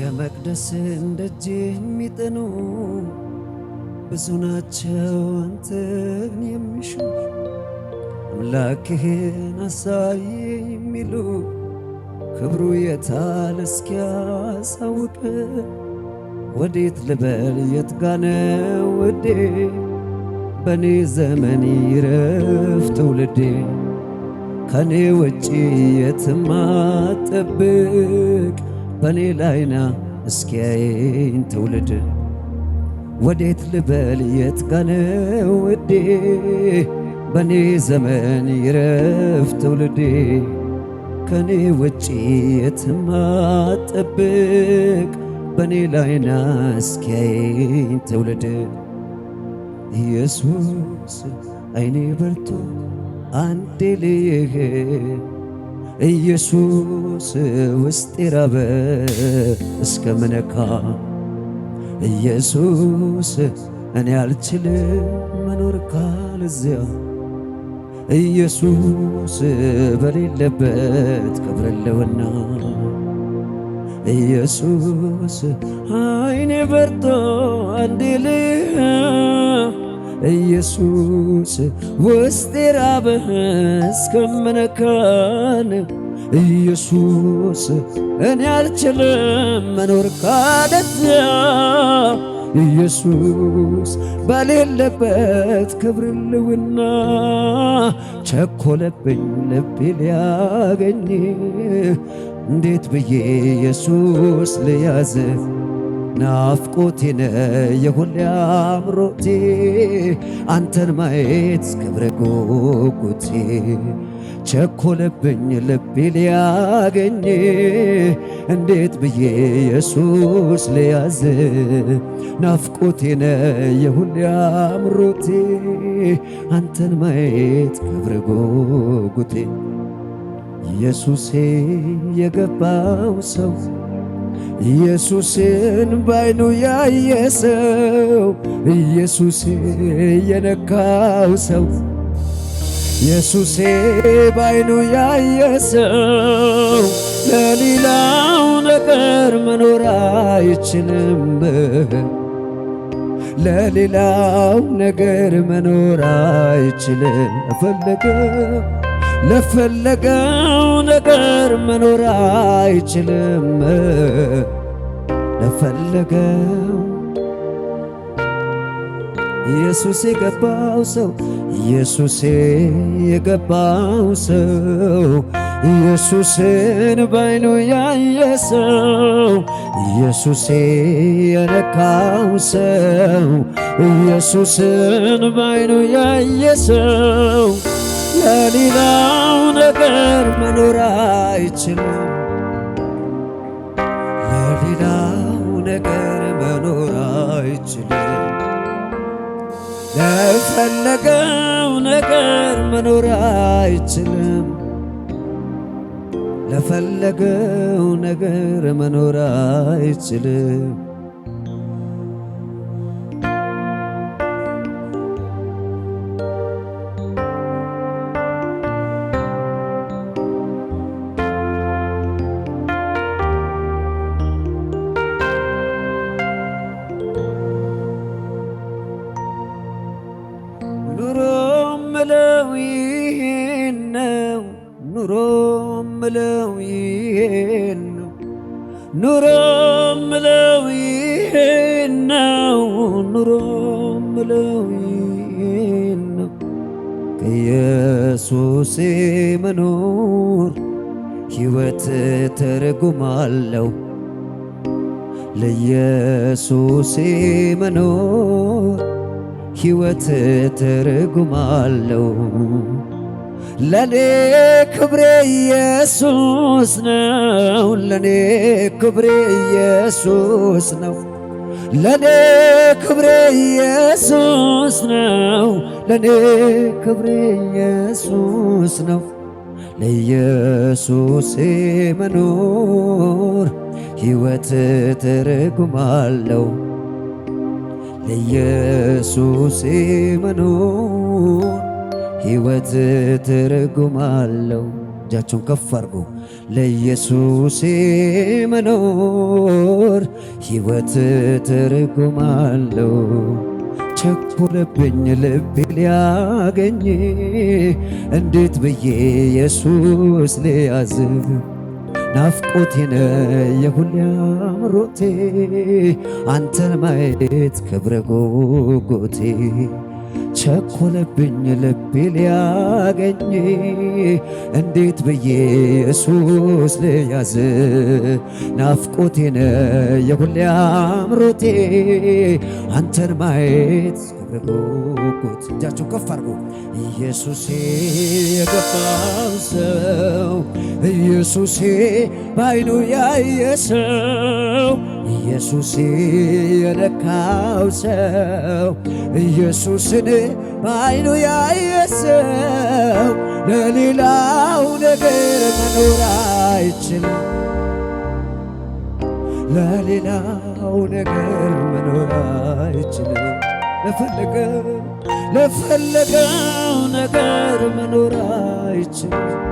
የመቅደስን ደጅ የሚጠኑ ብዙ ናቸው አንተን የሚሹ አምላክህን አሳይ የሚሉ ክብሩ የታለ እስኪያሳውቅ ወዴት ልበል የትጋነ ውዴ በኔ ዘመን ይረፍ ትውልዴ ከኔ ውጪ የትማጠብቅ በኔ ላይና እስኪያየኝ ትውልድ ወዴት ልበል የት ጋ ነው እዴ ዘመን ይረፍ ትውልዴ ከኔ ውጪ የትም በኔ በእኔ ላይና እስኪያየኝ ትውልድ ኢየሱስ አይኔ በርቶ አንዴ ልይህ ኢየሱስ ውስጥ የራበ እስከምነካ ኢየሱስ እኔ አልችልም መኖር ካልዚያ ኢየሱስ በሌለበት ቀብረለውና ኢየሱስ አይኔ በርቶ አንዴ ኢየሱስ ውስጤ ራበህ እስከምነካን ኢየሱስ እኔ አልችልም መኖር ካለዚያ ኢየሱስ በሌለበት ክብርልውና ቸኮለብኝ ልቤ ሊያገኝ እንዴት ብዬ ኢየሱስ ልያዝ ናፍቆቴ ነ የሁሌ አምሮቴ አንተን ማየት ክብረ ጉጉቴ ቸኮለብኝ ልቤ ሊያገኝ እንዴት ብዬ ኢየሱስ ልያዝ ናፍቆቴ ነ የሁሌ አምሮቴ አንተን ማየት ክብረ ጉጉቴ ኢየሱሴ የገባው ሰው ኢየሱስን ባይኑ ያየ ሰው ኢየሱስ የነካው ሰው ኢየሱሴ ባይኑ ያየ ሰው ለሌላው ነገር መኖር አይችልም። ለሌላው ነገር መኖር አይችልም። ለፈለገው ለፈለገው ነገር መኖር አይችልም ለፈለገው ኢየሱስ የገባው ሰው ኢየሱስ የገባው ሰው ኢየሱስን ባይኑ ያየ ሰው ኢየሱስ የነካው ሰው ኢየሱስን ባይኑ ያየ ሰው ለሌላው ነገር መኖር አይችልም። ለሌላው ነገር መኖር አይችልም። ለፈለገው ነገር መኖር አይችልም። ለፈለገው ነገር መኖር አይችልም። ምለው ይሄን ነው ኑሮ ምለው ይሄን ነው ኑሮ ምለው ይሄን ነው ከኢየሱስ መኖር ሕይወት ትርጉም አለው ለኢየሱስ መኖር ሕይወት ትርጉም አለው ለኔ ክብሬ ኢየሱስ ነው። ለኔ ክብሬ ኢየሱስ ነው። ለኔ ክብሬ ኢየሱስ ነው። ለኔ ክብሬ ኢየሱስ ነው። ለኢየሱስ መኖር ሕይወት ትርጉም አለው። ለኢየሱስ መኖር ሕይወት ትርጉም አለው። እጃቸውን ከፍ አድርጉ። ለኢየሱሴ መኖር ሕይወት ትርጉም አለው። ቸኮለብኝ ልቤ ሊያገኝ እንዴት ብዬ ኢየሱስ ልያዝ ናፍቆቴ ነው የሁሌ አምሮቴ አንተን ማየት ክብረ ጉጉቴ ቸኮለብኝ ልቤ ሊያገኝ እንዴት በኢየሱስ ልያዝ ናፍቆቴን የሁሌ አምሮቴ አንተን ማየት በጉጉት እጃቸው ከፍ አድርጎ ኢየሱሴ የገባው ሰው ኢየሱሴ ባይኑ ያየ ሰው ኢየሱሴ የነካው ሰው ኢየሱስን ባይኑ ያየ ሰው ለሌላው ነገር መኖር አይችልም። ለሌላው ነገር መኖር አይችልም። ለፈለገው ነገር መኖር አይችል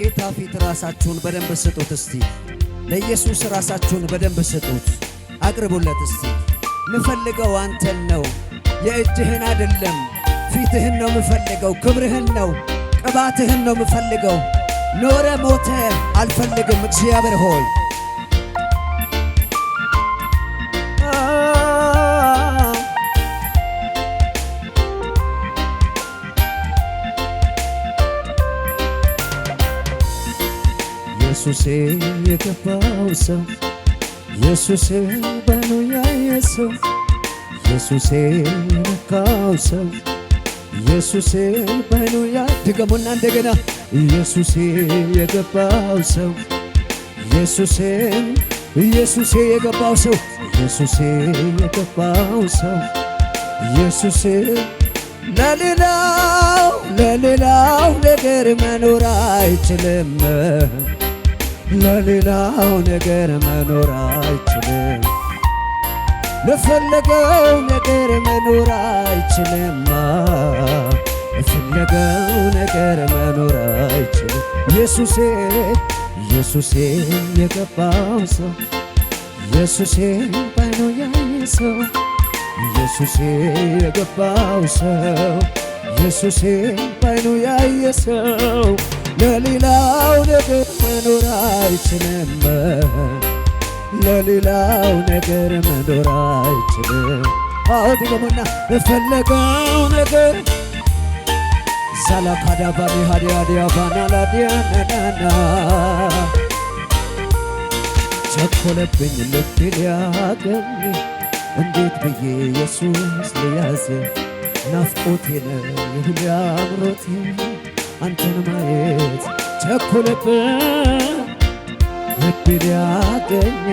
በጌታ ፊት ራሳችሁን በደንብ ስጡት። እስቲ ለኢየሱስ ራሳችሁን በደንብ ስጡት። አቅርቡለት እስቲ። ምፈልገው አንተን ነው፣ የእጅህን አይደለም። ፊትህን ነው ምፈልገው፣ ክብርህን ነው፣ ቅባትህን ነው ምፈልገው። ኖረ ሞተ አልፈልግም እግዚአብሔር ሆይ ኢየሱሴ የገባው ሰው ኢየሱሴ በኑ ያየ ሰው ኢየሱሴ የነካው ሰው ኢየሱሴ በኑ ያ ድገሙና እንደገና ኢየሱሴ የገባው ሰው ኢየሱሴ ኢየሱሴ የገባው ሰው ኢየሱሴ የገባው ሰው ኢየሱሴ ለሌላው ለሌላው ነገር መኖር አይችልም ለሌላው ነገር መኖር አይችልም፣ ለፈለገው ነገር መኖር አይችልማ፣ ለፈለገው ነገር መኖር አይችልም። ኢየሱሴ ኢየሱሴ የገባው ሰው ኢየሱሴ ባይኖ ያየ ሰው ኢየሱሴ የገባው ሰው ኢየሱሴ ባይኖ ያየ ሰው ለሌላው ነገር መኖር አይችልም ለሌላው ነገር መኖር አይችልም። አዎ ድገሙና በፈለገው ነገር ዛላካዳባኒ ሀዲያዲያባናላዲያናናና ቸኮለብኝ ልቤ ሊያገኝ እንዴት ብዬ ኢየሱስ ልያዝ ናፍቆቴ ነው ይሁን አንተን ማየት ቸኮለብኝ ልቤ ሊያገኝ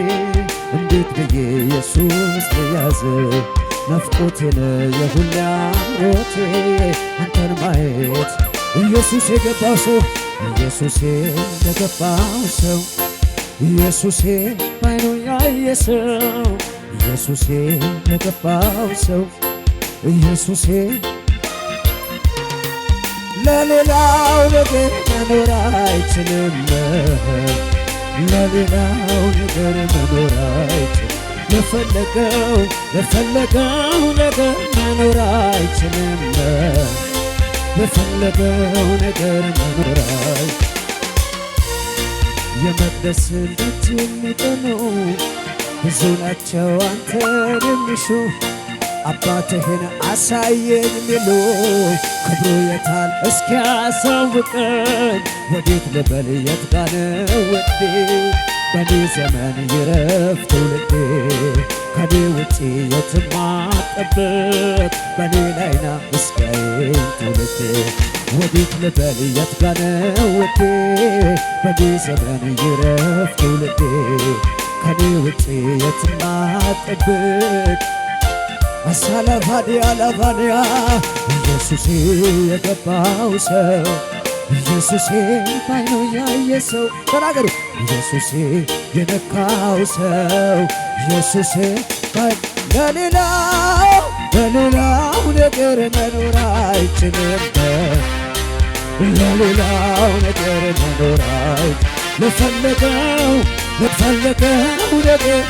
እንዴት ብዬ ኢየሱስ ልያዝ ናፍቆቴን የሁሌ አምሮቴ አንተን ማየት ኢየሱስ የገባው ሰው ኢየሱሴ የገባው ሰው ኢየሱሴ ባይኑ ያየ ሰው ኢየሱሴ የገባው ሰው ኢየሱሴ ለሌላው ነገር መኖር አይችልም። ለሌላው ነገር መኖር አይችልም። ለፈለገው ለፈለገው ነገር መኖር አይችልም። ለፈለገው ነገር መኖር አይችልም። የመቅደስ ልጅ የሚጠኑ ብዙ ናቸው አንተን የሚሹ አባትህን አሳየኝ ሚሉ ክብሩ የታል እስኪያሳውቅን ወዴት ልበል የት ጋር ነው በኔ ዘመን ይረፍ ትውልድ ከኔ ውጪ የትማጠብቅ በኔ ላይና ምስጋዬን ትውልድ ወዴት ልበል የት ጋር ነው በኔ ዘመን ይረፍ ትውልድ ከኔ ውጪ የትማጠብቅ አሳለፋዲያ ለፋዲያ ኢየሱሴ የገባው ሰው ኢየሱሴ ባይኖ ያየ ሰው ተናገሩ ኢየሱሴ የነካው ሰው ኢየሱሴ ለሌላው ለሌላው ነገር መኖር አይችልም ለሌላው ነገር መኖር ለፈለገው ለፈለገው ነገር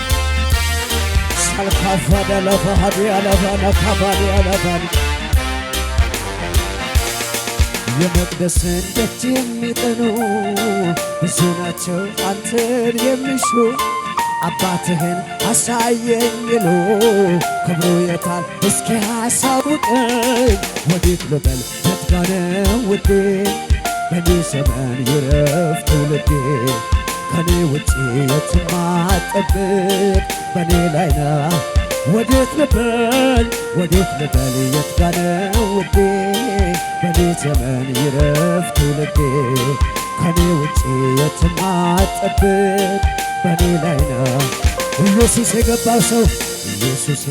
አልካፈነ ለፈሃድ ያለበነ ካባድ ያለበን የመቅደስን ደጅ የሚጠኑ ብዙ ናቸው አንተን የሚሹ አባትህን አሳየኝ ይሉ ክብሩ የታል እስኪ አሳውቀኝ ወዴት ልበል የትጋነ ውዴ በዚህ ዘመን ይረፍ ትውልዴ ከኔ ውጪ የትማጠብቅ በኔ ላይ ነው። ወዴት ልበል ወዴት ልበል የት ጋ ውዴ? በኔ ዘመን ይረፍ ትውልዴ ከኔ ውጭ የትም አትጠብቅ በኔ ላይ ነው ኢየሱስ የገባው ሰው ኢየሱሴ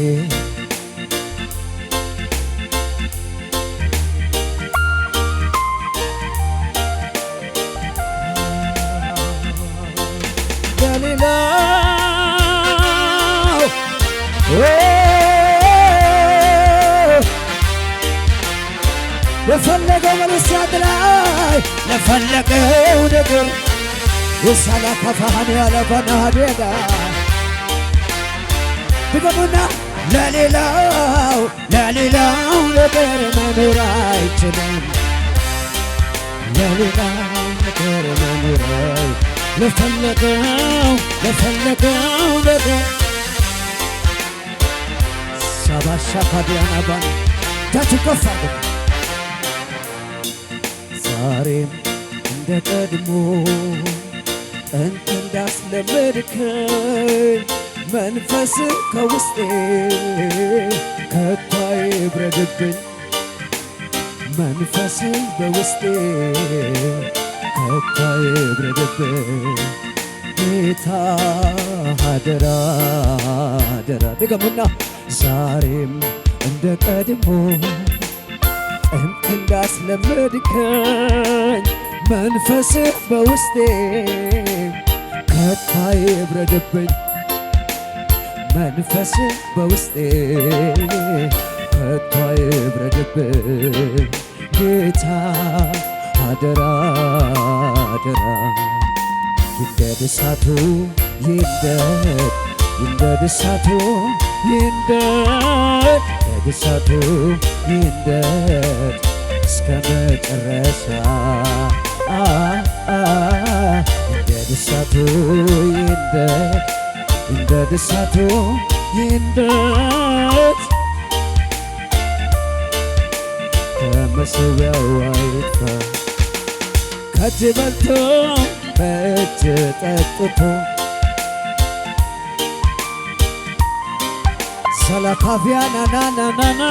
ለፈለገው መልሳት ላይ ለፈለገው ነገር የሳላ ከፋሃን ያለፈናዴጋ ድገሙና ለሌላው ለሌላው ነገር መኖር አይችልም። ለሌላው ነገር መኖር ለፈለገው ለፈለገው ነገር ሻባሻ ካዲያናባን እጃችን ከፍ ዛሬም እንደ ቀድሞ እንት እንዳስለመድከኝ መንፈስ ከውስጤ ከቶ አይብረድብኝ መንፈስ በውስጤ ከቶ አይብረድብኝ ጌታ አደራ አደራ ደግሞና ዛሬም እንደ ቀድሞ እንዳስለመድከኝ መንፈስ በውስጤ ከቶ አይብረድብኝ መንፈስ በውስጤ ከቶ አይብረድብኝ ጌታ አደራ አደራ ይንደድ እሳቱ ይንደድ ይንደድ እሳቱ ይንደድ በግሳቱ ይንደድ እስከ መጨረሻ እንደ ግሳቱ ይንደድ እንደ ግሳቱ ይንደድ ከመሰቢያው አይጥፋ ከእጅ በልቶ በእጅ ጠጥቶ ሰለካፍያ ናናናናና